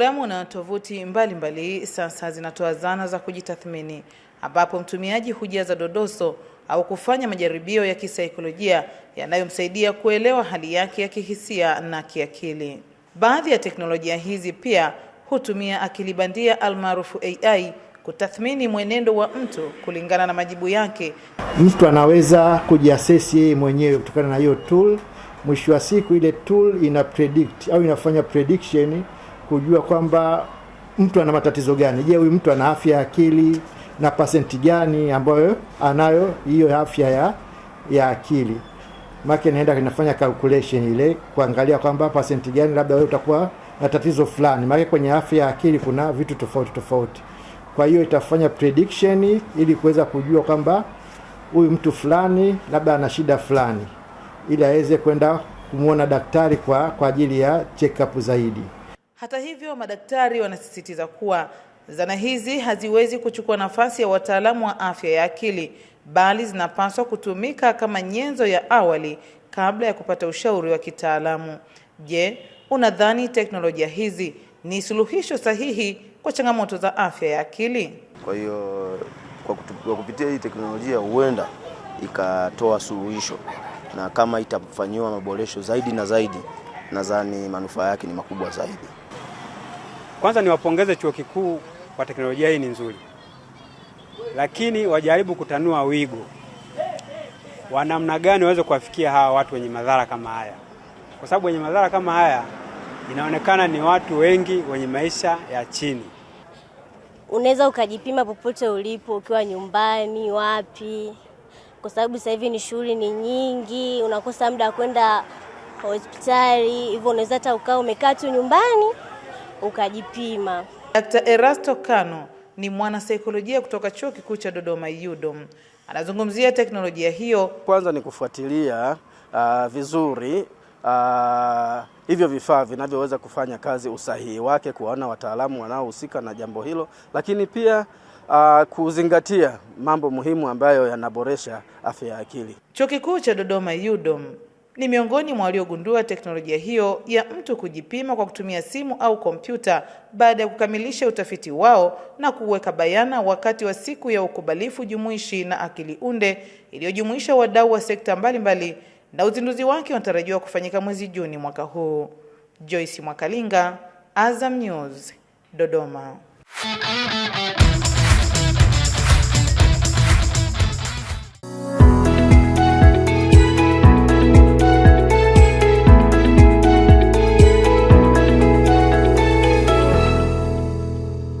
Programu na tovuti mbalimbali sasa zinatoa zana za kujitathmini ambapo mtumiaji hujaza dodoso au kufanya majaribio ya kisaikolojia yanayomsaidia kuelewa hali yake ya kihisia na kiakili. Baadhi ya teknolojia hizi pia hutumia akili bandia almaarufu AI kutathmini mwenendo wa mtu kulingana na majibu yake. Mtu anaweza kujiasesi yeye mwenyewe kutokana na hiyo tool. Mwisho wa siku, ile tool ina predict au inafanya prediction kujua kwamba mtu ana matatizo gani. Je, huyu mtu ana afya ya akili na pasenti gani ambayo anayo hiyo afya ya, ya akili make naenda kinafanya calculation ile kuangalia kwamba pasenti gani labda wewe utakuwa na tatizo fulani, maana kwenye afya ya akili kuna vitu tofauti tofauti. Kwa hiyo itafanya prediction ili kuweza kujua kwamba huyu mtu fulani labda ana shida fulani, ili aweze kwenda kumwona daktari kwa kwa ajili ya check up zaidi. Hata hivyo, madaktari wanasisitiza kuwa zana hizi haziwezi kuchukua nafasi ya wataalamu wa afya ya akili, bali zinapaswa kutumika kama nyenzo ya awali kabla ya kupata ushauri wa kitaalamu. Je, unadhani teknolojia hizi ni suluhisho sahihi kwa changamoto za afya ya akili? Kwa hiyo kwa, kwa kupitia hii teknolojia huenda ikatoa suluhisho, na kama itafanyiwa maboresho zaidi na zaidi, nadhani manufaa yake ni makubwa zaidi. Kwanza niwapongeze chuo kikuu kwa teknolojia hii ni nzuri, lakini wajaribu kutanua wigo wa namna gani waweze kuwafikia hawa watu wenye madhara kama haya, kwa sababu wenye madhara kama haya inaonekana ni watu wengi wenye maisha ya chini. Unaweza ukajipima popote ulipo, ukiwa nyumbani, wapi, kwa sababu sasa hivi ni shughuli ni nyingi, unakosa muda wa kwenda hospitali, hivyo unaweza hata ukaa umekaa tu nyumbani ukajipima. Dkt. Erasto Kano ni mwanasaikolojia kutoka Chuo Kikuu cha Dodoma YUDOM. Anazungumzia teknolojia hiyo. Kwanza ni kufuatilia uh, vizuri uh, hivyo vifaa vinavyoweza kufanya kazi, usahihi wake, kuwaona wataalamu wanaohusika na jambo hilo, lakini pia uh, kuzingatia mambo muhimu ambayo yanaboresha afya ya akili. Chuo Kikuu cha Dodoma YUDOM ni miongoni mwa waliogundua teknolojia hiyo ya mtu kujipima kwa kutumia simu au kompyuta baada ya kukamilisha utafiti wao na kuweka bayana wakati wa siku ya ukubalifu jumuishi na akili unde iliyojumuisha wadau wa sekta mbalimbali mbali, na uzinduzi wake unatarajiwa kufanyika mwezi Juni mwaka huu. Joyce Mwakalinga, Azam News, Dodoma.